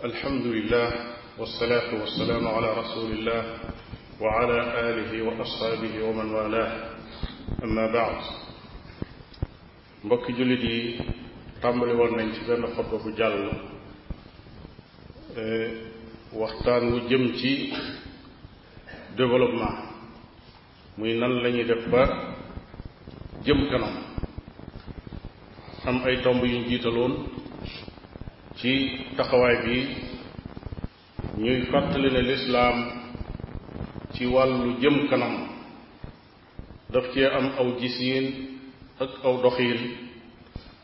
alhamdulilah wasalaatu wasalaamu ala rasulillah wa ala alihi wa ashaabihi wa man walah amma baad mbokki jullit yi tàmbali woon nañ ci benn xutba bu jàll eh, waxtaan wu jëm ci développement muy nan la ñuy def ba jëm kanam am ay tomb yuñ jiitaloon ci taxawaay bi ñuy fàttali ne lislaam ci wàllu jëm kanam daf cee am aw gisiin ak aw doxiin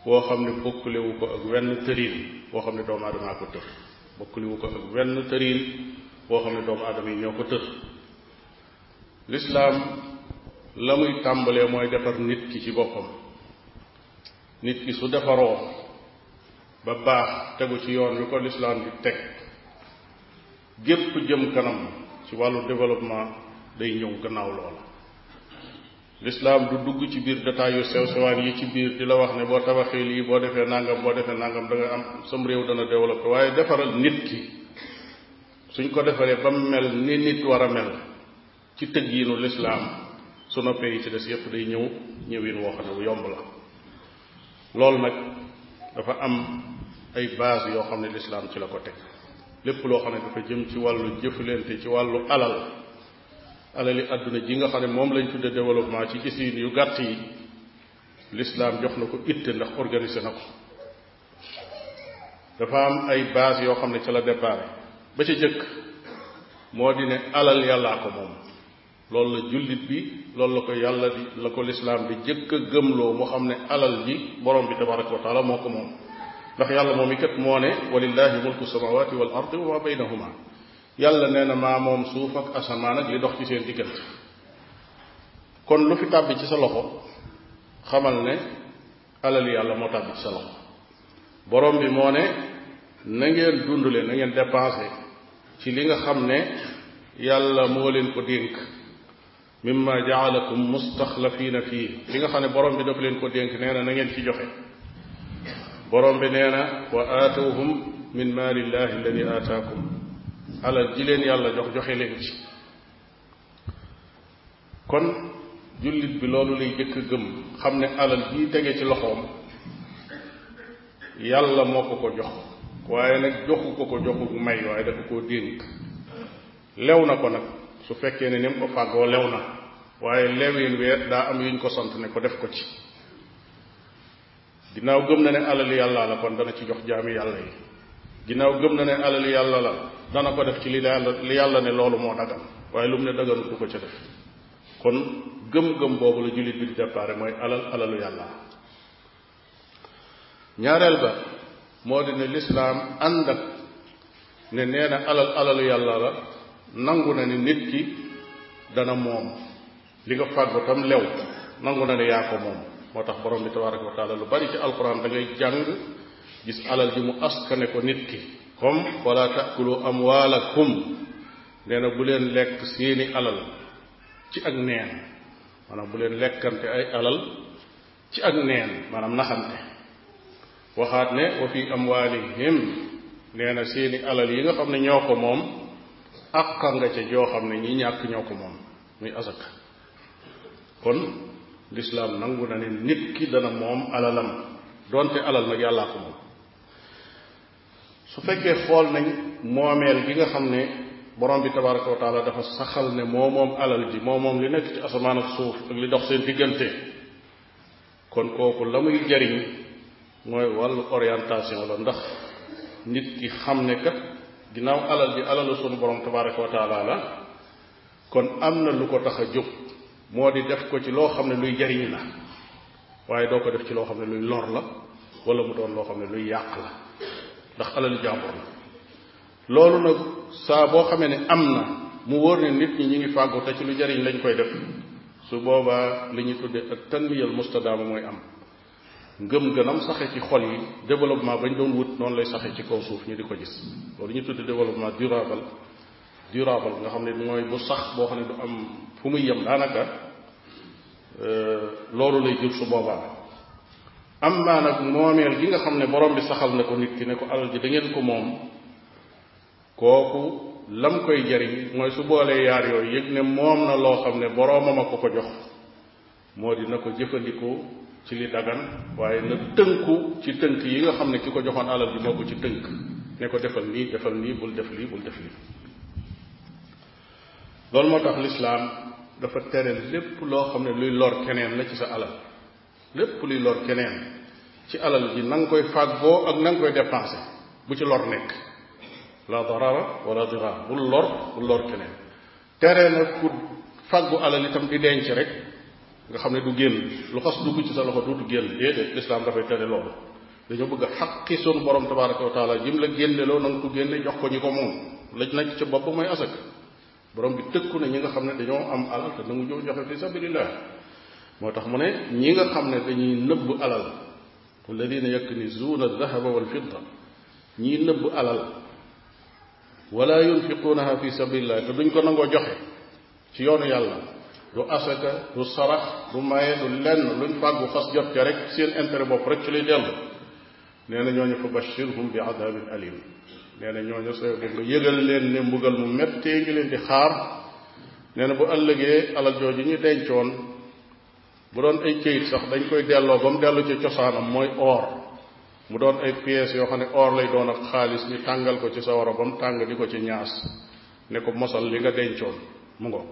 woo xam ne bokkulewu ko ak wenn tëriin boo xam ne doomu aadama ko tër bokkaliwu boo xam ne doomu aadama yi ñoo ko tër lislaam la muy tàmbalee mooy defar nit ki ci boppam nit ki su defaroo ba baax tegu ci yoon wi ko lislaam bi teg gépp jëm kanam ci wàllu développement day ñëw gannaaw la lislaam du dugg ci biir détails yu sew sewaan yi ci biir di la wax ne boo tabaxee lii boo defee nangam boo defee nangam da nga am sam réew dana développé waaye defaral nit ki suñ ko defaree ba mu mel ni nit war a mel ci tëgg yi nu lislaam su noppee yi ci des yépp day ñëw ñëwin woo xam yomb la loolu nag dafa am ay base yoo xam ne lislaam ci la ko teg lépp loo xam ne dafa jëm ci wàllu jëflante ci wàllu alal yi àdduna ji nga xam ne moom lañ tudde développement ci gisiin yu gàtt yi lislaam jox na ko itte ndax organiser na ko dafa am ay base yoo xam ne ca la déparé ba ca jëkk moo di ne alal yàllaa ko moom loolu la jullit bi loolu la ko yàlla la ko lislaam bi jëkk a gëmloo mu xam ne alal ji borom bi tabaraka wa moo ko moom ndax yàlla moom i kat moo ne walillahi mulku samawati wal ardi wa ma baynahuma yàlla nee na maa moom suuf ak asamaan ak li dox ci seen diggante kon lu fi tàbbi ci sa loxo xamal ne alal yàlla moo tàbbi ci sa loxo borom bi moo ne na ngeen dundule na ngeen dépensé ci li nga xam ne yàlla moo leen ko dénk mimma jaalakum mustaxlafina fii li nga xam ne borom bi daf leen ko dénk nee na na ngeen ci joxe borom bi nee na wa aatuuhum min maalillahi alladi aataakum alal ji leen yàlla jox joxe leen ci kon jullit bi loolu lay jëkk gëm xam ne alal bii tege ci loxoom yàlla moo ko ko jox waaye nag joxu ko ko joxu bu may waaye dafa koo dénk lew na ko nag su fekkee ne ni mu ko fàggoo lew na waaye lewin weer daa am yuñ ko sant ne ko def ko ci ginnaaw gëm na ne alal yàlla la kon dana ci jox jaami yàlla yi ginnaaw gëm na ne alal yàlla la dana ko def ci li yàlla li yàlla ne loolu moo dagan waaye lu mu ne daganut du ko ca def kon gëm-gëm boobu la jullit bi di déparé mooy alal alalu yàlla ñaareel ba moo di ne lislaam ànd ak ne nee alal alalu yàlla la nangu na ne nit ki dana moom li nga fàggu lew nangu na ne yaa ko moom moo tax borom bi tabaraka wa taala lu bari ci alquran da ngay jàng gis alal ji mu askane ko nit ki comme wala taakulu amwaalakum nee na bu leen lekk seeni alal ci ak neen maanaam bu leen lekkante ay alal ci ak maanaam naxante waxaat ne wa fi amwaalihim nee na seeni alal yi nga xam ne ñoo ko moom àqa nga ca joo xam ne ñi ñàkk ñoo ko moom muy asaka kon lislaam nangu na ne nit ki dana moom alalam donte alal nag yàllaa ko moom su fekkee xool nañ moomeel gi nga xam ne borom bi tabaraka wa taala dafa saxal ne moo moom alal ji moo moom li nekk ci asamaan ak suuf ak li dox seen diggante kon kooku la muy jariñ mooy wàllu orientation la ndax nit ki xam ne kat ginnaaw alal ji alalu sunu borom tabaraka wa la kon am na lu ko tax a jóg moo di def ko ci loo xam ne luy jariñ la waaye doo ko def ci loo xam ne luy lor la wala mu doon loo xam ne luy yàq la ndax alal jàmbur la loolu nag saa boo xamee ne am na mu wóor ne nit ñi ñu ngi fàggu te ci lu jariñ lañ koy def su boobaa li ñu tuddee ak tanmiyal mustadaama mooy am ngëm gënam saxe ci xol yi développement bañ doon wut noonu lay saxe ci kaw suuf ñu di ko gis loolu ñu tuddee développement durable durable nga xam ne mooy bu sax boo xam ne du am fu muy yem daanaka euh, loolu lay jur su boobaa am maa nag moomeel gi nga xam ne boroom bi saxal na ko nit ki ne ko alal ji da ngeen ko moom kooku lam koy jariñ mooy su boolee yaar yooyu yëg ne moom na loo xam ne boroomam a ko ko jox moo di na ko jëfandikoo ci li dagan waaye na tënku ci tënk yi nga xam ne ki ko joxoon alal ji moo ko ci tënk ne ko defal nii defal nii bul def lii bul def lii loolu moo tax lislaam dafa tere lépp loo xam ne luy lor keneen la ci sa alal lépp luy lor keneen ci alal ji na koy koy boo ak na nga koy dépensé bu ci lor nekk la darara wala dirar bul lor bul lor keneen tere na ku fàggu alal itam di denc rek nga xam ne du génn lu xas dugg ci sa loxo dootu génn déedéet lislaam dafay tere loolu dañoo bëgg a xaqi sunu borom tabaraka wa taala jim la génneloo na nga ko génne jox ko ñi ko moom laj na ci bopp mooy asaka borom bi tëkku na ñi nga xam ne dañoo am alal te nangu joo joxe fi sabilillah moo tax mu ne ñi nga xam ne dañuy nëbb alal walladina yaknizuuna aldahaba walfidda ñiy nëbb alal wala yunfiquunaha fi sabilillah te duñ ko nangoo joxe ci yoonu yàlla du asaka du sarax du maye du lenn luñ fàggu xas jot ca rek seen intérêt bopp rek ci lay dellu nee na ñooñu fa bashirhum bi adabin alim nee na ñooñu sooy boobu nga yëgal leen ne mbugal mu mettee ngi leen di xaar nee na bu ëllëgee alal jooju ñu dencoon bu doon ay këyit sax dañ koy delloo ba mu dellu ci cosaanam mooy or mu doon ay pièces yoo xam ne or lay doon ak xaalis ñu tàngal ko ci sawara ba mu tàng di ko ci ñaas ne ko mosal li nga dencoon mu ngo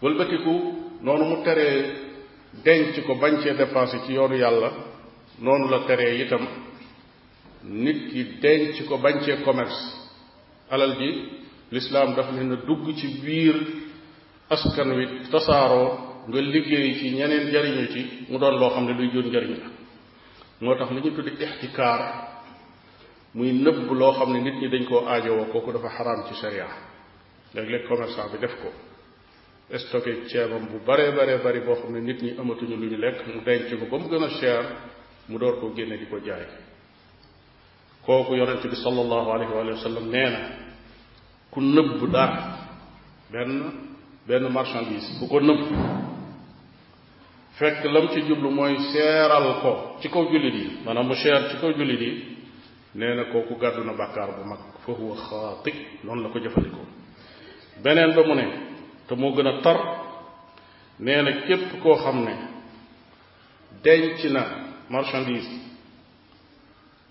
wëlbatiku noonu mu teree denc ko bañ cee dépensé ci yoonu yàlla noonu la teree itam nit ki denc ko bañ cee commerce alal bi lislaam dafa leen a dugg ci biir askan wi tasaaroo nga liggéey ci ñeneen jariñu ci mu doon loo xam ne luy jur njariñ la moo tax li ñu tuddi ixtikaar muy nëbb loo xam ne nit ñi dañ koo aajowoo kooku dafa xaraam ci sharia léeg-léeg commerçant bi def ko stocké ceebam bu bare bare bari boo xam ne nit ñi amatuñu lu ñu lekk mu denc ko ba mu gën a cher mu door koo génne di ko jaay kooku yonent bi sallallahu alayhi wa sallam nee na ku nëbb dara benn benn marchandise ku ko nëbb fekk lam ci jublu mooy seeral ko ci kaw jullit yi maanaam mu seer ci kaw jullit yi nee kooku gàddu na bàkkaar bu mag fa huwa xaati noonu la ko jëfandikoo beneen ba mu ne te moo gën a tar nee na képp koo xam ne denc na marchandise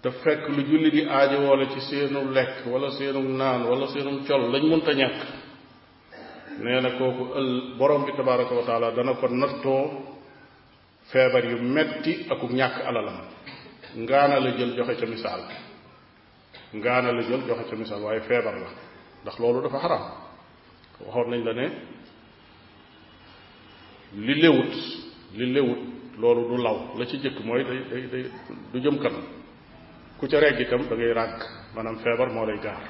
te fekk lu julli di aajo woole ci seenu lekk wala seenu naan wala seenum col lañ mënta ñàkk nee na kooku ëll borom bi tabaraka wa taala dana ko nattoo feebar yu metti akuk ñàkk alalam ngaana la jël joxe ca misaal ngaana la jël joxe ca waaye feebar la ndax loolu dafa xaraam waxoon nañ la ne li léwut li loolu du law la ci jëkk mooy day day du jëm kanam ku ca regg itam da ngay ràgg maanaam feebar moo lay gaar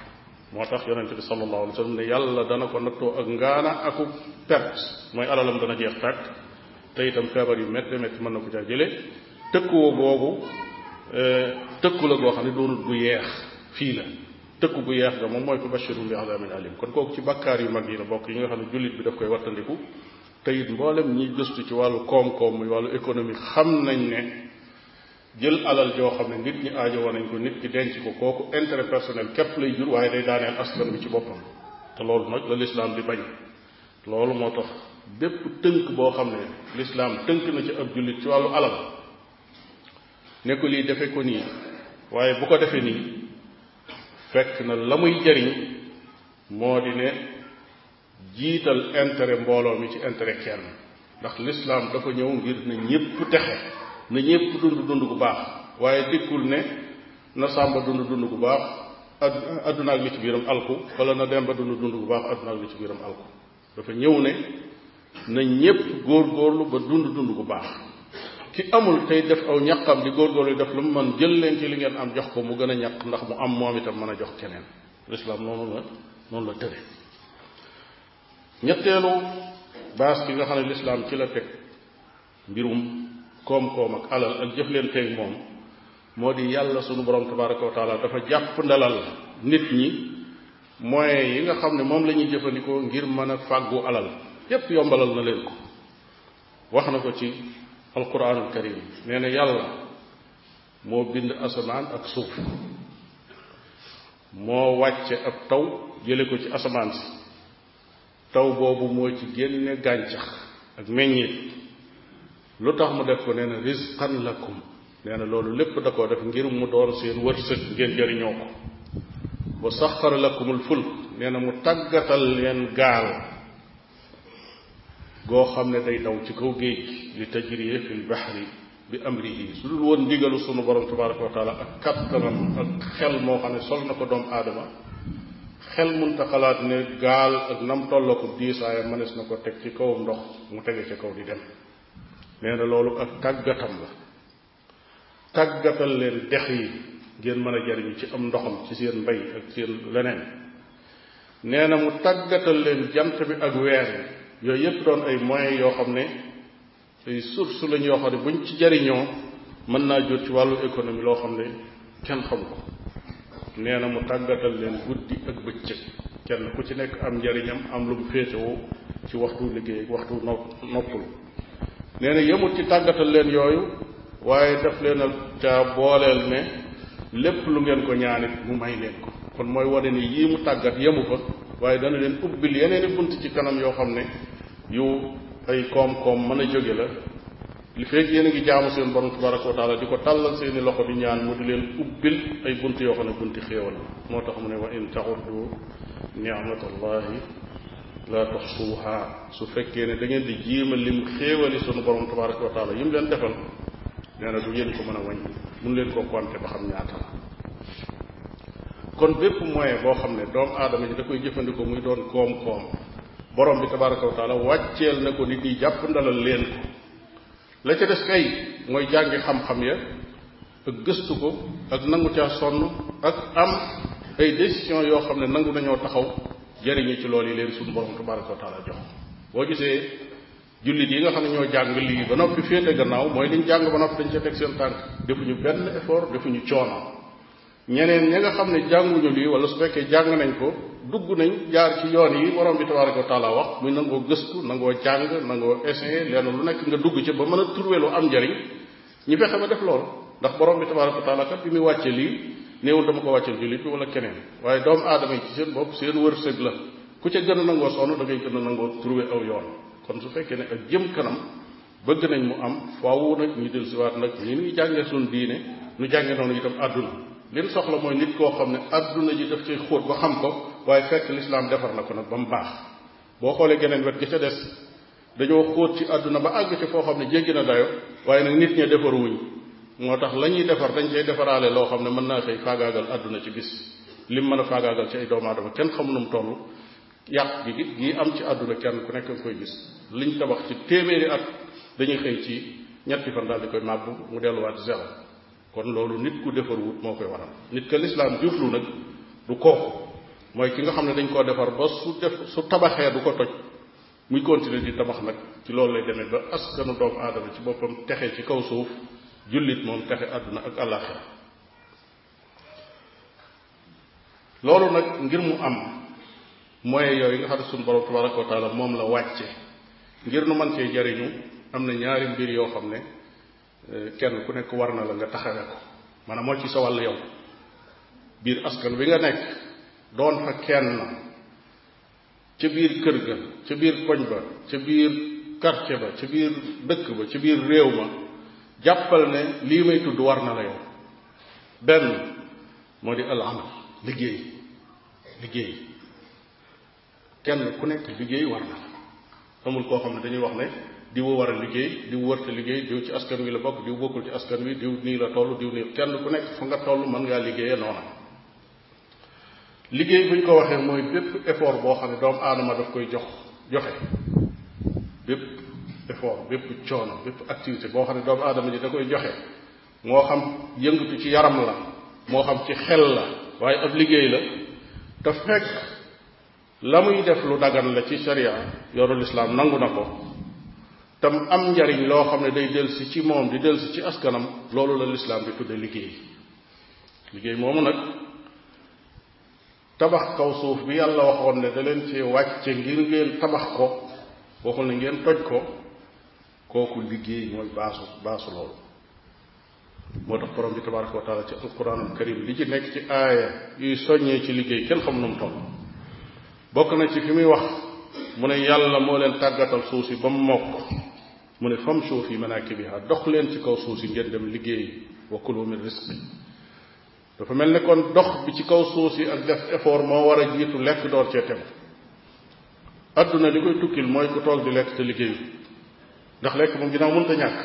moo tax yonente bi sallallahu alayhi wa sallam ne yàlla dana ko nattoo ak ngaana aku perte mooy alalam dana jeex tàkk te itam feebar yu métti métti mën na ko caa jële tëkkuwoo boobu eh, tëkku la goo xam ne doonut bu yeex fii la tëkku gu yeex ga moom mooy ko bashirun bi azamin alim kon kooku ci bakkaar yu mag yi la bokk yi nga xam ne jullit bi daf koy wattandiku te it mboolem ñiy gëstu ci wàllu koom-koom muy wàllu économie xam nañ ne jël alal joo xam ne nit ñi aajowoo nañ ko nit ki denc ko kooku intérêt personnel képp lay jur waaye day daaneel askan bi ci boppam te loolu nag la lislaam di bañ loolu moo tax bépp tënk boo xam ne lislaam tënk na ci ab jullit ci wàllu alal ne ko lii defe ko nii waaye bu ko defee nii fekk na la muy jariñ moo di ne jiital intérêt mbooloo mi ci intérêt kenn ndax lislaam dafa ñëw ngir ne ñépp texe na ñépp dund dund gu baax waaye dikkul ne na sàmba dund dund gu baax adduna ak li ci biiram alku wala na ba dund dund bu baax adduna ak li ci biiram alku dafa ñëw ne na ñépp góorgóorlu ba dund dund gu baax ki amul tey def aw ñaqam di góor góorgóorlu def lu mu mën jël leen ci li ngeen am jox ko mu gën a ñaq ndax mu am moom itam mën a jox keneen lislaam noonu la noonu la tëre ñetteelu baas bi nga xam ne lislaam ci la teg mbirum koom-koom ak alal ak jëflanteeg moom moo di yàlla sunu borom tabaraka wa taala dafa jàpp ndalal nit ñi moyens yi nga xam ne moom lañuy jëfandikoo ngir mën a fàggu alal yépp yombalal na leen ko wax na ko ci alquranul karim nee na yàlla moo bind asamaan ak suuf moo wàcce ab taw jële ko ci asamaan si taw boobu moo ci génne gàncax ak meññit lu tax mu def ko nee na rizqan lakum nee na loolu lépp da koo def ngir mu doon seen wërsëg ngeen jariñoo ko wa saxara lakumul fulk nee na mu tàggatal leen gaal goo xam ne day daw ci kaw géej gi li tajriye fil bahri bi amrihi su dul woon ndigalu sunu borom tabaraka wa taala ak kattanam ak xel moo xam ne sol na ko doom aadama xel munta xalaat ne gaal ak nam tolla ko diisaaya mënees na ko teg ci kaw ndox mu tege ci kaw di dem nee na loolu ak tàggatam la tàggatal leen dex yi ngeen mën a jariñu ci am ndoxam ci seen mbay ak seen leneen nee na mu tàggatal leen jant bi ak weer yi yooyu yépp doon ay moyens yoo xam ne ay source lañ yoo xam ne buñ ci jariñoo mën naa jot ci wàllu économie loo xam ne kenn xamu ko nee na mu tàggatal leen guddi ak bëccëg kenn ku ci nekk am njariñam am lu mu féetewoo ci waxtu liggéey ak waxtu nopp noppalu nee na yëmut ci tàggatal leen yooyu waaye daf leen a ca booleel ne lépp lu ngeen ko ñaanit mu may leen ko kon mooy wane ni yii mu tàggat yemu fa waaye dana leen ubbil yeneen bunt ci kanam yoo xam ne yu ay koom-koom mën a jóge la li fekk yéen a ngi jaamu seen borom tabaraka wa taala di ko tàllal seeni loxo di ñaan mu di leen ubbil ay bunt yoo xam ne bunti xéewal moo tax mu ne wa in taxuddu nicmatallahi laa tuxsuuha su fekkee ne da ngeen di jiima lim xéewali sunu borom tabaraka wa taala yim leen defal nee du ngeen ko mën a wàññi mun leen ko compter ba xam ñaata la kon bépp moyen boo xam ne doomu aadama yi da koy jëfandikoo muy doon koom-koom borom bi tabaraka wa taala wàcceel na ko nit ñi jàpp ndalal leen ko la ca des kay mooy jàngi xam-xam ya ak gëstu ko ak nangu caa sonn ak am ay décision yoo xam ne nangu nañoo taxaw jëriñu ci loolu yi leen suñu borom tabaraka wa taala jox boo gisee jullit yi nga xam ne ñoo jàng lii ba noppi féete gannaaw mooy liñ jàng ba noppi dañ ca teg seen tànk ñu benn effort defuñu coono ñeneen ña nga xam ne jànguñu lii wala su fekkee jàng nañ ko dugg nañ jaar ci yoon yi borom bi tabaraka wa taala wax muy nangoo gëstu nangoo jàng nangoo essayer lenn lu nekk nga dugg ci ba mën a trouver lu am njariñ ñu fexe ba def lool ndax borom bi tabaraka wa bi muy wàcce lii néewul dama ko wàcceel jullit bi wala keneen waaye doomu aadama yi ci seen bopp seen wërsëg la ku ca gën a nangoo sonn da ngay gën a nangoo trouver aw yoon kon su fekkee ne ak jëm kanam bëgg nañ mu am faaw nag ñu del siwaat nag ni ñuy jàngee suñu diine nu jàngee noonu itam àdduna liñ soxla mooy nit koo xam ne àdduna ji daf cay xóot ba xam ko waaye fekk lislaam defar na ko nag ba mu baax boo xoolee geneen wet ga ca des dañoo xóot ci àdduna ba àgg ci foo xam ne jéggi na dayo waaye nag nit ñe defaruwuñ moo tax la ñuy defar dañ cay defaraale loo xam ne mën naa xëy faagaagal àdduna ci bis lim mën a faagaagal ci ay doomu aadama kenn xam nu mu toll yàq gi gi am ci àdduna kenn ku koy gis liñ tabax ci téeméeri at dañuy ci ñetti fan daal di koy màbb mu delluwaat zéro kon loolu nit ku defar wut moo koy waral nit ka lislaam juflu nag du kooku mooy ki nga xam ne dañ koo defar ba su def su tabaxee du ko toj muy continuer di tabax nag ci loolu lay demee ba askanu doomu aadama ci boppam texe ci kaw suuf jullit moom texe àdduna ak àllaaxira loolu nag ngir mu am mooy yooyu nga xam ne suñu borom tabaraka wa moom la wàcce ngir nu man cee jariñu am na ñaari mbir yoo xam ne eh, kenn ku nekk war na la nga taxawe ko maanaam moo ci sa wàll yow biir askan wi nga nekk doon fa kenn ca biir kër ga ca biir koñ ba ca biir quartier ba ca biir dëkk ba ca biir réew ma jàppal ne lii may tudd war na la yow benn moo di al liggéey liggéey kenn ku nekk liggéey war na la amul koo xam ne dañuy wax ne diw war a liggéey diw wërta liggéey diw ci askan wi la bokk diw bokkul ci askan wi diw nii la toll diw nii kenn ku nekk fa nga toll mën ngaa liggéeyee noona liggéey bu ko waxee mooy bépp effort boo xam ne doomu aadama daf koy jox joxe bépp effort bépp coono bépp activité boo xam ne doomu aadama ji da koy joxe moo xam yëngatu ci yaram la moo xam ci xel la waaye ab liggéey la te fekk la muy def lu dagan la ci sharia yoru lislaam nangu na ko tam am njariñ loo xam ne day delsi ci moom di delsi ci askanam loolu la lislaam di tudde liggéey liggéey moomu nag tabax kaw suuf bi yàlla waxoon ne da leen ci wàcce ngir ngeen tabax ko waxul ne ngeen toj ko kooku liggéey mooy baasu baasu loolu moo tax borom bi tabaraka wa taala ci alquranul karim li ci nekk ci aaya yuy soññee ci liggéey kenn xam nu mu toll bokk na ci fi muy wax mu ne yàlla moo leen tàggatal suuf si ba mu mokk mu ne famshu fi manakibiha dox leen ci kaw suuf si ngeen dem liggéey wa kulu min dafa mel ne kon dox bi ci kaw suuf si ak def effort moo war a jiitu lekk door cee tegu adduna li koy tukkil mooy ku toog di lekk te liggéeyu ndax lekk moom ginnaaw mënta ñàkk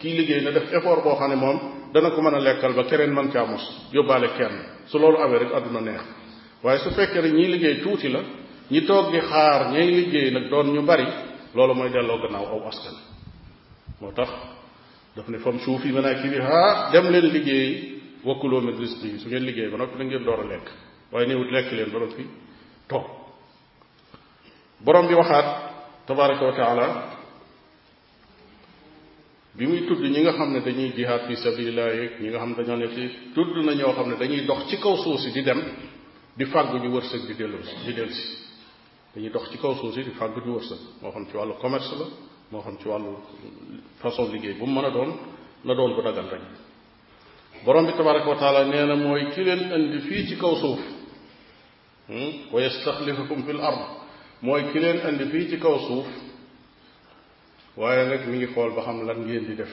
kii liggéey na def effort boo xam ne moom dana ko mën a lekkal ba keneen mën caa mos yóbbaale kenn su loolu amee àdduna neex waaye su fekkee ne ñiy liggéey tuuti la ñi toog di xaar ñay liggéey nag doon ñu bari loolu mooy delloo gannaaw aw askan moo tax daf ne fam suufi manaakibihaa dem leen liggéey wokkuloo kuluu su ngeen liggéey ba noppi da ngeen door a lekk waaye néewut lekk leen ba noppi toog borom bi waxaat bi muy tudd ñi nga xam ne dañuy jihaad fi sabilillah yeeg ñi nga xam ne dañoo nekk tudd na ñoo xam ne dañuy dox ci kaw suuf si di dem di fàggu ñu wërsëg di dellu di dellu si dañuy dox ci kaw suuf si di fàggu ñu wërsëg moo xam ci wàllu commerce la moo xam ci wàllu façon liggéey bu mu mën a doon na doon bu dagal rek borom bi tabaraka wa taala na mooy ki leen indi fii ci kaw suuf hmm, wa yastaxlifakum fil ard mooy ki leen indi fii ci kaw suuf waaye nag mi ngi xool ba xam lan ngeen di def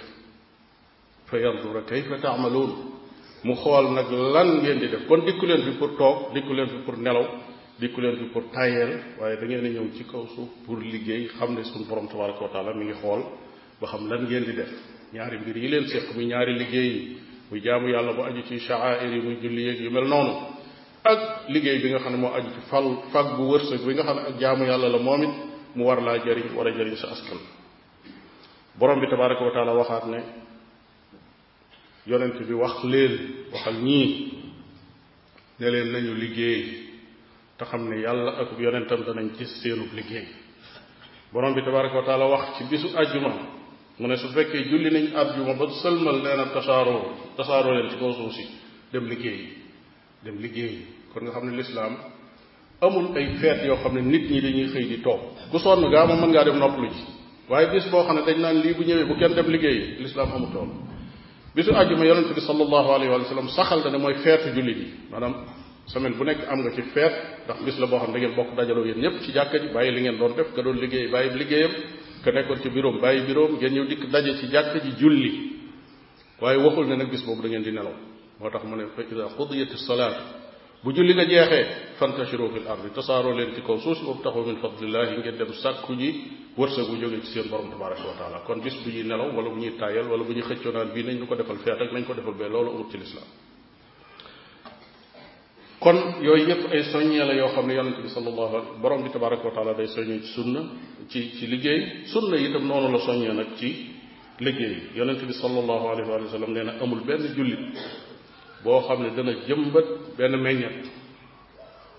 fa yandura kayfa taamaluun mu xool nag lan ngeen di def kon dikku leen fi pour toog dikku leen fi pour nelaw dikku leen fi pour tayeel waaye da ngeen ñëw ci kaw suuf pour liggéey xam ne suñu borom tabaraka wa taala mi ngi xool ba xam lan ngeen di def ñaari mbir yi leen séq muy ñaari liggéey yi muy jaamu yàlla bu aju ci sha'air yi muy julli yeeg yu mel noonu ak liggéey bi nga xam ne moo aju ci fal fag bu wërsëg bi nga xam ne ak jaamu yàlla la moom mu war laa jëriñ war a sa askan borom bi tabaraka wa taala waxaat ne yonent bi wax leen waxal ñii ne leen nañu liggéey te xam ne yàlla akub yonentam danañ ci seenub liggéey borom bi tabaraka wa taala wax ci bisu àjjuma mu ne su fekkee julli nañ àjjuma ba sëlmal nee na tasaaroo tasaaroo leen ci kaw suuf si dem liggéey dem liggéey kon nga xam ne lislaam amul ay feet yoo xam ne nit ñi dañuy xëy di toog ku sonn gaa ma mën ngaa dem noppalu ji waaye bis boo xam ne dañ naan lii bu ñëwee bu kenn dem liggéeyi lislaam amut loolu bisu àjjuma yonente bi sallallahu alayhi wa sallam saxal na ne mooy feetu jullit yi maanaam semaine bu nekk am nga ci feet ndax bis la boo xam ne dangeen ngeen bokk dajaloo yéen ñëpp ci jàkka ji bàyyi li ngeen doon def ka doon liggéey bàyyi liggéeyam ka nekkoon ci biroom bàyyi biroom ngeen ñëw dikk daje ci jàkka ji julli waaye waxul ne nag bis boobu da ngeen di nelaw moo tax mu ne fa ida qudiyat bu julli nga jeexee fantashiru fil ardi tasaaroo leen ci kaw suuf si wabtaxu min fadlillahi ngeen dem sàkku ji wërsëg bu jógee ci seen borom tabaraka wa kon bis bu ñuy nelaw wala bu ñuy tayal wala bu ñuy xëccoo naan bii nañ ñu ko defal feet ak nañ ko defal bee loolu amut ci lislaam kon yooyu yëpp ay soññee la yoo xam ne yonente bi sallallahu alayhi borom bi tabaraka wa taala day soññee ci sunna ci ci liggéey sunna itam noonu la soññee nag ci liggéey yonente bi sallallahu alayhi wa sallam na amul benn jullit boo xam ne dana jëmbat benn meññet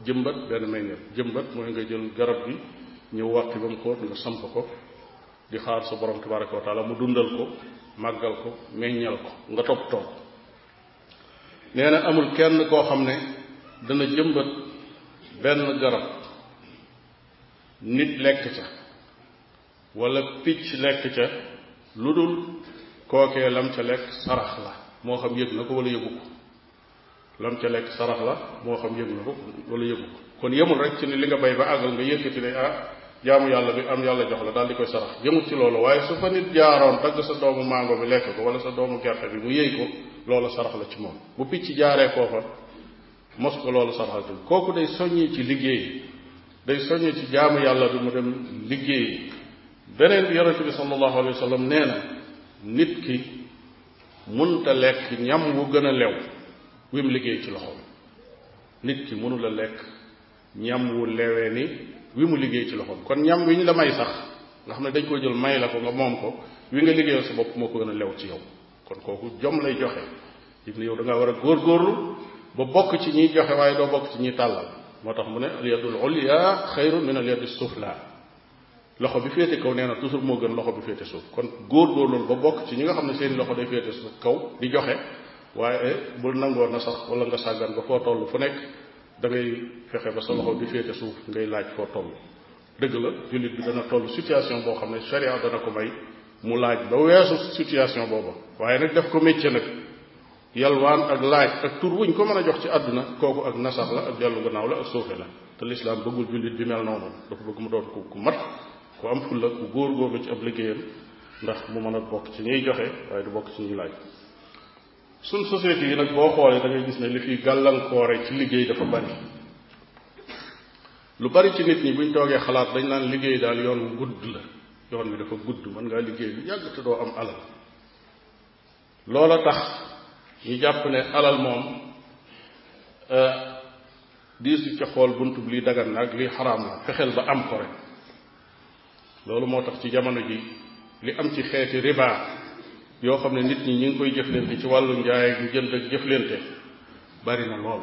jëmbat benn jëmbat mooy nga jël garab gi ñëw wàqi ba mu xóot nga samp ko di xaar sa borom tabaraka wa taala mu dundal ko màggal ko meññal ko nga topp topp nee na amul kenn koo xam ne dana jëmbat benn garab nit lekk ca wala picc lekk ca lu dul kookee lam ca lekk sarax la moo xam yëg na ko walla yëgu ko lam ca lekk sarax la moo xam yëgu na ko wala yëgu ko kon yëmul rek ci ne li nga bay ba àggal nga yëkkati ne ah jaamu yàlla bi am yàlla jox la daal di koy sarax yëmul ci loolu waaye su fa nit jaaroon dagg sa doomu mango bi lekk ko wala sa doomu gerte bi mu yëy ko loola sarax la ci moom bu picc jaaree foofa mos ko loolu sarax la ci kooku day soññee ci liggéey day soññee ci jaamu yàlla bi mu dem liggéey beneen bi yonente bi sallallahu alayhi wa sallam nee nit ki munta lekk ñam wu gën a lew wi mu liggéey ci loxoom nit ki mënula lekk ñam wu leewee ni wi mu liggéey ci loxoom kon ñam wi ñu la may sax nga xam ne dañ koo jël may la ko nga moom ko wi nga liggéeyal sa bopp moo ko gën a lew ci yow kon kooku jom lay joxe yow da ngaa war a góorgóorlu ba bokk ci ñiy joxe waaye doo bokk ci ñiy tàllal moo tax mu ne al yadul ulya xayrun min al yadi sufla loxo bi féete kaw nee na toujours moo gën loxo bi féete suuf kon góorgóorlu ba bokk ci ñi nga xam ne seen loxo day féete suuf kaw di joxe waaye bul nangoo na sax wala nga sàggan ba koo toll fu nekk da ngay fexe ba sa loxo di féete suuf ngay laaj foo toll dëgg la jullit bi dana toll situation boo xam ne sharia dana ko may mu laaj ba weesu situation booba waaye nag def ko métier nag yalwaan ak laaj ak tur wuñ ko mën a jox ci àdduna kooku ak nasax la ak dellu gannaaw la ak suufe la te lislaam bëggul jullit bi mel noonu dafa bëgg mu doon ku ku mat ku am fulla ku góor góorlu ci ab ndax mu mën a bokk ci ñuy joxe waaye bokk ci ñuy laaj suñ société yi nag boo xoolee da ngay gis ne li fiy gàllankoore ci liggéey dafa bari lu bari ci nit ñi buñ toogee xalaat dañ naan liggéey daal yoon gudd la yoon bi dafa gudd mën ngaa liggéey lu yàgg te doo am alal loola tax ñu jàpp ne alal moom euh, diisu ca xool bunt bi liy dagan na ak liy xaraam la fexeel ba am ko loolu moo tax ci jamono ji li am ci xeeti riba yoo xam ne nit ñi ñu ngi koy jëflante ci wàllu njaay ak jënd ak jëflante bari na lool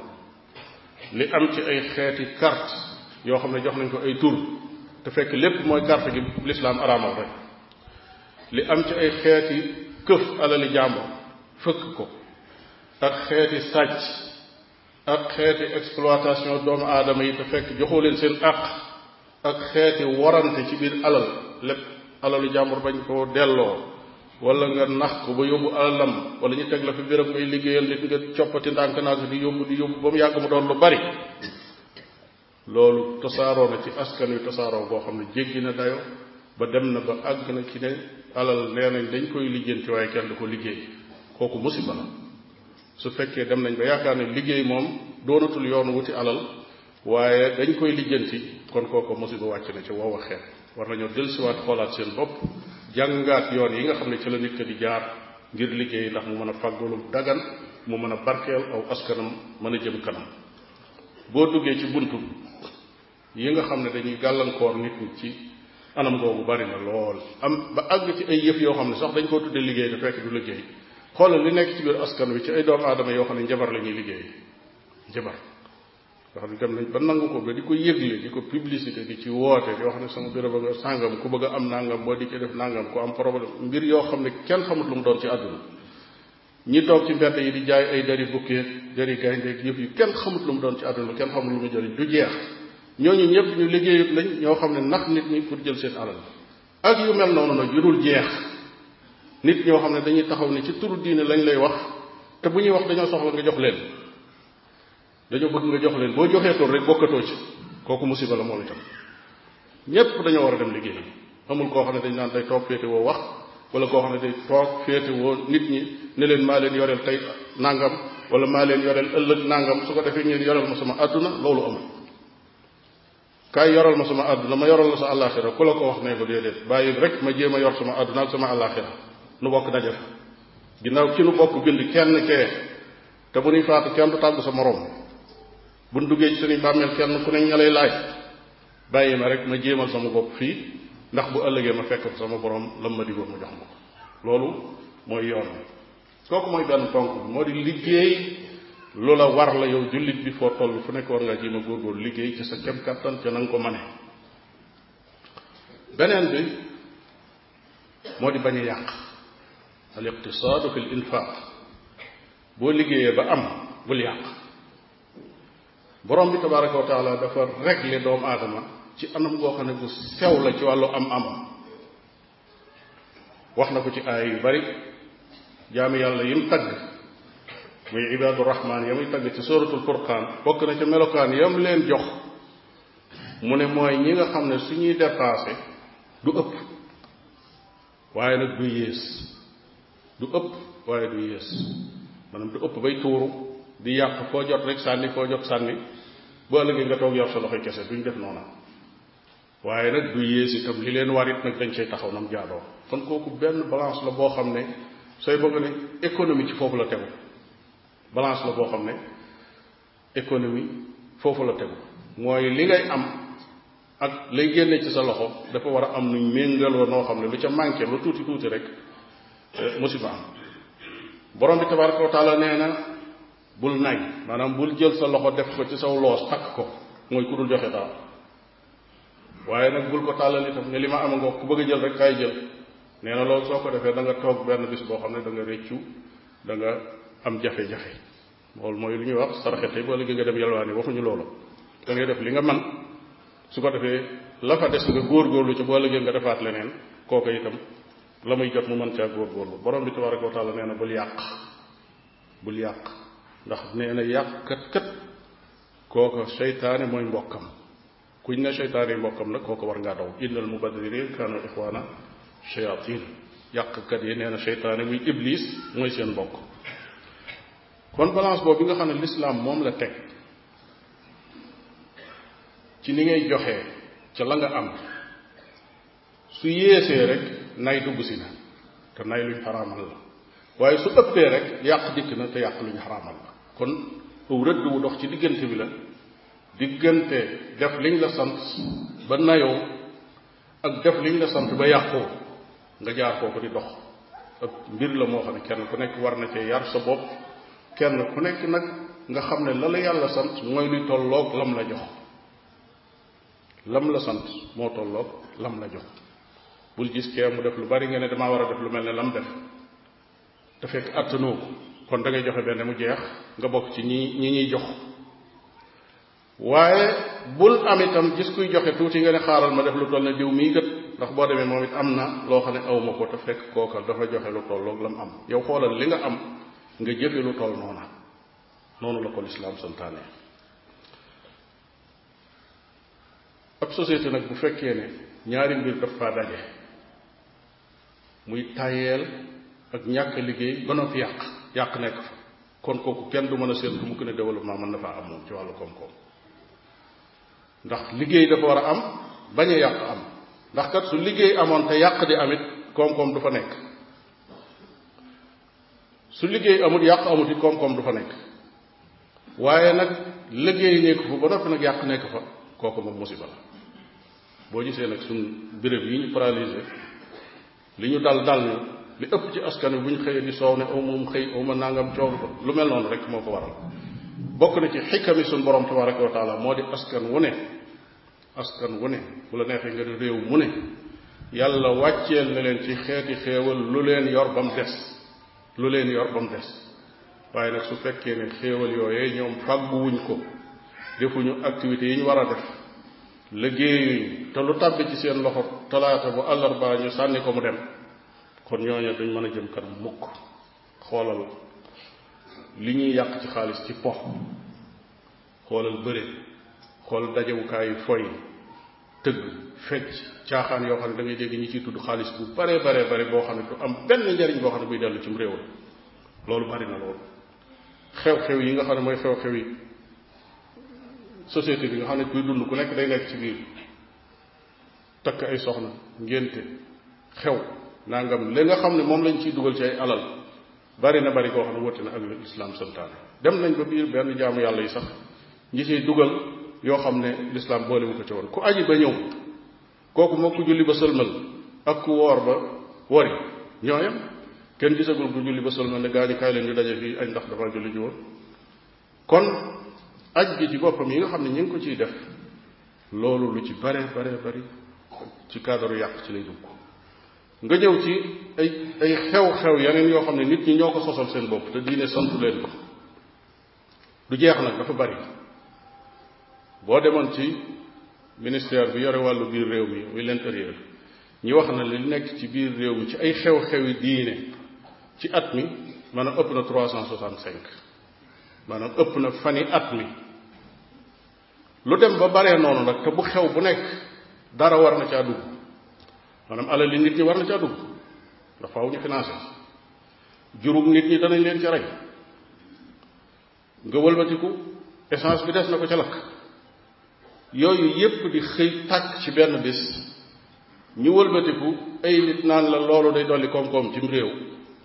li am ci ay xeeti carte yoo xam ne jox nañ ko ay tur te fekk lépp mooy carte gi lislaam araamal rek li am ci ay xeeti këf alali jàmbur fëkk ko ak xeeti sàcc ak xeeti exploitation doomu aadama yi te fekk joxoo leen seen àq ak xeeti warante ci biir alal lépp alalu jàmbur bañ koo delloo wala nga nax ko ba yóbbu alalam wala ñu teg la fi béréb ngay liggéeyal nit nga coppati ndànk naa ko di yóbbu di yóbbu ba mu yàgg mu doon lu bari loolu tasaaroo na ci askan wi tasaaroo boo xam ne jéggi na dayo ba dem na ba àgg na ci ne alal nee nañ dañ koy liggéeyanti waaye kenn du ko liggéey kooku musiba la su fekkee dem nañ ba yaakaar ne liggéey moom doonatul yoon wuti alal waaye dañ koy lijjanti kon kooku musiba wàcc na ci wow a xeet war nañoo dellusiwaat xoolaat seen bopp jàngaat yoon yi nga xam ne ci la nit ka di jaar ngir liggéey ndax mu mën a fàggulum dagan mu mën a barkeel aw askanam mën a jëm kanam boo duggee ci buntu yi nga xam ne dañuy gàllankoor nit ñi ci anam googu bari na lool am ba àgg ci ay yëf yoo xam ne sax dañ koo tuddee liggéey te fekk du liggéey xoolal lu nekk ci biir askan wi ci ay doomu aadama yoo xam ne njabar la ñuy liggéey njabar nga xam ne dem nañ ba nangu ko ba di ko yëgle di ko publicité di ci woote di wax ne sama béréb nga sàngam ku bëgg am nangam boo dikkee def nàngam ku am problème mbir yoo xam ne kenn xamut lu mu doon ci àdduna ñi toog ci mbedd yi di jaay ay dari bukkee dari gayndeeg yëpp yi kenn xamut lu mu doon ci àdduna kenn xamut lu mu jëriñ du jeex ñooñu ñëpp ñu liggéeyut lañ ñoo xam ne nax nit ñi pour jël seen alal ak yu mel noonu nag yu dul jeex nit ñoo xam ne dañuy taxaw ne ci turu diine lañ lay wax te bu ñuy wax dañoo soxla nga jox dañoo bëgg nga jox leen boo joxeetoon rek bokkatoo ci kooku musiba la moom itam ñépp dañoo war a dem liggéey amul koo xam ne dañ naan day toog féete woo wax wala koo xam ne day toog féete woo nit ñi ne leen maa leen yoreel tey nangam wala maa leen yoreel ëllëg nangam su ko defee ngeen yoreel ma sama àdduna loolu amul kaay yoral ma sama àdduna ma yoral la sa àllaaxira ku la ko wax ne ko déedéet bàyyi rek ma jéem a yor sama àdduna ak sama àllaaxira nu bokk daje fa ginnaaw ci nu bokk bind te bu ñuy faatu kenn du sa moroom buñ duggee ci suñu bàmmeel kenn ku ne ña lay laaj ma rek ma jéemal sama bopp fii ndax bu ëllëgee ma fekk sama borom lam ma digoon mu jox ma ko loolu mooy yoon bi kooku mooy benn moo di liggéey lu war la yow jullit bi foo toll fu nekk war ngaa liggéey ci sa kem kàttan ca na nga ko mane beneen bi moo di bañ yàq al iqtisaadu fi boo liggéeyee ba am bul yàq borom bi tabaraka wa taala dafa régler doomu aadama ci anam goo xam ne bu sew la ci wàllu am amam wax na ko ci aay yu bari jaami yàlla yim tagg muy ibaadu rahmaan ya muy tagg ci suratul furqaan bokk na ca melokaan yam leen jox mu ne mooy ñi nga xam ne suñuy dépassé du ëpp waaye nag du yées du ëpp waaye du yées maanaam du ëpp bay tuuru di yàq foo jot rek sànni foo jot sànni bu ëllëgee nga toog yor sa loxoy kese duñ def noona waaye nag du yées itam li leen war it nag dañ cay taxaw nam jaadoo kon kooku benn balance la boo xam ne sooy bëgg ne économie ci foofu la tegu balance la boo xam ne économie foofu la tegu mooy li ngay am ak lay génne ci sa loxo dafa war a am nuñ méngaloo noo xam ne lu ca manqué lu tuuti tuuti rek eh, musiba am borom bi tabaraka wa taala nee na bul nay maanaam bul jël sa loxo def ko ci saw loos takk ko mooy ku dul joxe dara waaye nag bul ko tàllal itam ne li ma am a ngoog ku bëgg a jël rek kaay jël nee na loolu soo ko defee da nga toog benn bis boo xam ne da nga réccu da nga am jafe-jafe loolu mooy lu ñuy wax sarxete wala gi nga dem yalwaani waxuñu loolu dangay def li nga man su ko defee la fa des nga góorgóorlu ci boo liggéey nga defaat leneen kooka itam la muy jot mu mën caa góorgóorlu borom bi tabaraka wa taala nee na bul yàq bul yàq ndax nee na yàqkat kat kooka seytaane mooy mbokkam kuñ ne seytaane yi mbokkam nag kooka war ngaa daw innal mubadirin kaanu ixwaana shayatin yàqkat yi nee na seytaane muy iblis mooy seen mbokk kon balance boobu nga xam ne lislaam moom la teg ci ni ngay joxee ca la nga am su yéesee rek nay dugg si na te nay luñ xaraamal la waaye su ëppee rek yàq dikk na te yàq luñ xaraamal la kon aw rëdd wu dox ci diggante bi la diggante def liñ la sant ba nayoo ak def liñ la sant ba yàqoo nga jaar foofu di dox ak mbir la moo xam ne kenn ku nekk war na cee yar sa bopp kenn ku nekk nag nga xam ne la la yàlla sant mooy luy tolloog lam la jox lam la sant moo tolloog lam la jox bul gis kee mu def lu bari nga ne damaa war a def lu mel ne lam def te fekk àttanoo ko kon dangay joxe benn mu jeex nga bokk ci ñi ñi ñuy jox waaye bul am itam gis kuy joxe tuuti nga ne xaaral ma def lu toll ne diw mii kat ndax boo demee moom it am na loo xam ne aw ma ko te fekk kooka dafa joxe lu tolloog la mu am yow xoolal li nga am nga jëfe lu toll noona noonu la ko lislaam santaane ab société nag bu fekkee ne ñaari mbir daf faa daje muy tayeel ak ñàkk liggéey ba noppi yàq yàq nekk fa kon kooku kenn du mën a séentu mukk ne développement man na faa am moom ci wàllu koom-koom ndax liggéey dafa war a am bañ a yàq am ndax kat su liggéey amoon te yàq di amit nekk su liggéey amut yàq amut it koom-koom du fa nekk waaye nag liggéey nekk fa ba noppi nag yàq nekk fa kooku moom musiba la boo gisee nag suñ béréb yi ñu paralysé li ñu dal dal na li ëpp ci askan wi buñ xëyee di soow ne aw moom xëy aw ma nangam coow ko lu mel noonu rek moo ko waral bokk na ci xikami suñu borom tabaraka wa moo di askan wu ne askan wu ne bu la neexee nga ne réew mu ne yàlla wàcceel na leen ci xeeti xéewal lu leen yor ba des lu leen yor ba des waaye nag su fekkee ne xéewal yooyee ñoom fàgguwuñ ko defuñu activités yi ñu war a def liggéeyuñ te lu tàbbi ci seen loxo talaata bu àllarbaa ñu sànni ko mu dem kon ñooñu dañ mën a jëm kanam mukk xoolal li ñuy yàq ci xaalis ci pox xoolal bëre xoolal dajewukaayu foy tëgg fecc caaxaan yoo xam ne da ngay dégg ñi ciy tudd xaalis bu bare bare bare boo xam ne du am benn njariñ boo xam ne buy dellu ci réew loolu bari na loolu xew-xew yi nga xam ne mooy xew-xew yi société bi nga xam ne kuy dund ku nekk day nekk ci biir takk ay soxna ngénte xew nangam li nga xam ne moom lañ ciy dugal ci ay alal bari na bari koo xam ne wëtte na ak lislaam santaane dem nañ ko biir benn jaamu yàlla yi sax ñi ciy dugal yoo xam ne lislaam boole wu ko ci woon ku aji ba ñëw kooku moo ku julli ba sëlmal ak ku woor ba wari ñooyam kenn gisagul ku julli ba sëlmal ne gaa ñu kaay leen ñu daje fii ay ndax dafa julli ji woon kon aj gi ci boppam yi nga xam ne ñu ngi ko ciy def loolu lu ci bare bare bari ci cadre yàq ci lay nga ñëw ci ay ay xew-xew yeneen yoo xam ne nit ñi ñoo ko sosal seen bopp te diine santu leen ko du jeex nag dafa bari boo demoon ci ministère bi yore wàllu biir réew mi muy l'intérieur ñi wax na li nekk ci biir réew mi ci ay xew-xewi diine ci at mi maanaam ëpp na trois cent soixante-cinq maanaam ëpp na fan yi at mi lu dem ba baree noonu nag te bu xew bu nekk dara war na caa dugg maanaam alal li nit ñi war na caa dugg ndax faaw ñu financé juróom nit ñi danañ leen ca rey nga wëlbatiku essence bi des na ko ca lakk yooyu yépp di xëy tàkk ci benn bis ñu wëlbatiku ay nit naan la loolu day dolli koom-koom cim réew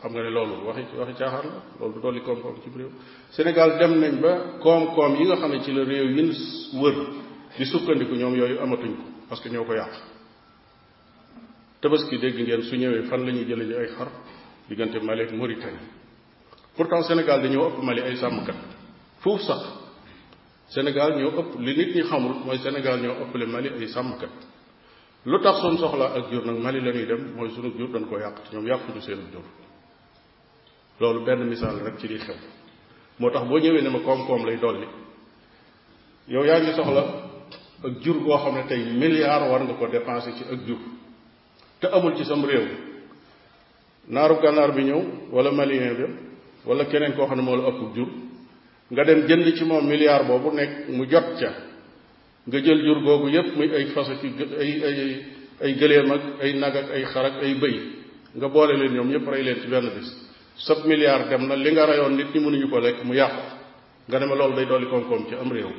xam nga ne loolu waxi waxi caaxaan la loolu du dolli koom-koom cim réew Sénégal dem nañ ba koom-koom yi nga xam ne ci la réew yi wër di sukkandiku ñoom yooyu amatuñ ko parce que ñoo ko yàq tabaski dégg ngeen su ñëwee fan la ñuy jële ji ay xar diggante Mali ak Mauritanie pourtant Sénégal dañoo ëpp Mali ay sàmmkat foofu sax Sénégal ñoo ëpp li nit ñi xamul mooy Sénégal ñoo ëppale Mali ay sàmmkat lu tax suñ soxlaa ak jur nag Mali la ñuy dem mooy sunu jur dañ ko yàq te ñoom yàquñu seen jur loolu benn misaal rek ci li xew moo tax boo ñëwee ne ma koom-koom lay dolli yow yaa ngi soxla ak jur boo xam ne tey milliard war nga ko dépenser ci ak jur te amul ci sam réew naaru gànnaar bi ñëw wala malien bi wala keneen koo xam ne moo la ëpp jur nga dem jënd ci moom milliard boobu nekk mu jot ca nga jël jur googu yépp muy ay fas ak ay ay ay gëléem ak ay nag ak ay xar ay bëy nga boole leen ñoom ñëpp rey leen ci benn bis sab milliard dem na li nga rayoon nit ñi mënuñu ko lekk mu yàqu nga ne ma loolu day dolli koom-koom ci am réew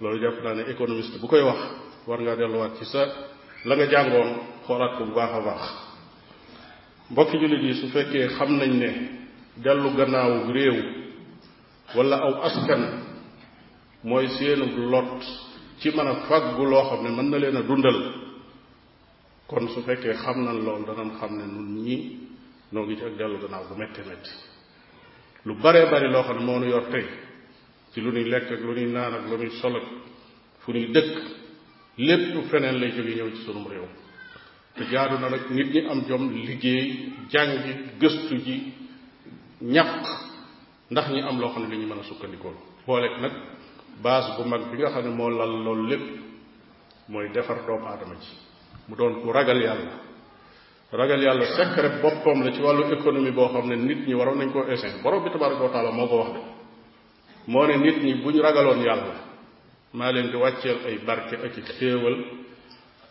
loolu jàpp naa ne économiste bu koy wax war ngaa delluwaat ci sa la nga jàngoon xoolaat ko bu baax a baax mbokki jullit yi su fekkee xam nañ ne dellu gannaaw réew wala aw askan mooy seenu lot ci man a fàggu loo xam ne mën na leen a dundal kon su fekkee xam nañ loolu danañ xam ne nun ñi noo ngi ci ak dellu gannaaw bu métti métti lu baree bari loo xam ne moo nu yor tey ci lu ñuy lekk ak lu ñuy naan ak lu ñuy sol fu ñuy dëkk lépp feneen lay jóge ñëw ci sunum réew te jaadu na nag nit ñi am jom liggéey jàngi gëstu ji ñaq ndax ñi am loo xam ne li ñu mën a sukkandikoo booleeg nag baas bu mag bi nga xam ne moo lal loolu lépp mooy defar doomu aadama ji mu doon ku ragal yàlla ragal yàlla secret boppam la ci wàllu économie boo xam ne nit ñi waroon nañ koo essayer borom bi tabaraka wa taala moo ko wax de moo ne nit ñi bu ñu ragaloon yàlla maa leen di wàcceel ay barke ak i xéewal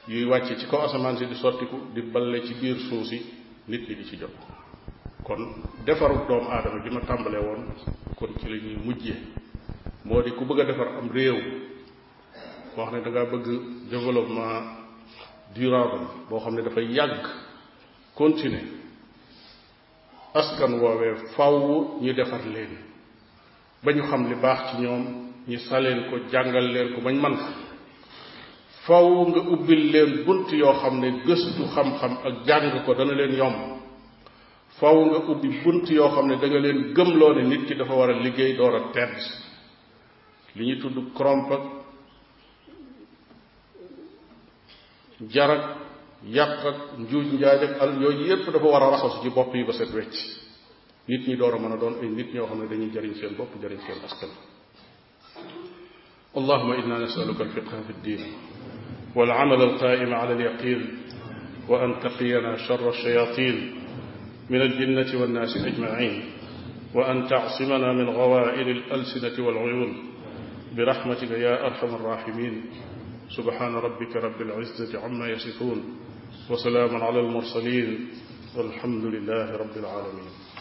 yuy wàcce ci kaw asamaan si di sottiku di balle ci biir suuf si nit ñi di ci jot kon defaru doomu aadama bi ma tàmbalee woon kon ci la ñuy mujjee moo di ku bëgg a defar am réew moo xam ne da bëgg développement durable boo xam ne dafay yàgg continuer askan woowee faw ñu defar leen ba ñu xam li baax ci ñoom ñu saleen ko jàngal leen ko bañ man faw nga ubbi leen bunt yoo xam ne gëstu xam-xam ak jàng ko dana leen yomb faw nga ubbi bunt yoo xam ne da leen gëmloo ne nit ki dafa war a liggéey door a tedd li ñu tudd kromp ak jarak yàq ak njuuj njaaj ak al yooyu yépp dafa war a raxasu ci bopp yi ba set wecc nit ñi door a mën a doon ay nit ñoo xam ne dañuy jariñ seen bopp jariñ seen askan allahuma inna nasaluka alfiqha fi ddin والعمل القائم على اليقين وأن تقينا شر الشياطين من الجنة والناس أجمعين وأن تعصمنا من غوائل الألسنة والعيون برحمتك يا أرحم الراحمين سبحان ربك رب العزة عما يصفون وسلام على المرسلين والحمد لله رب العالمين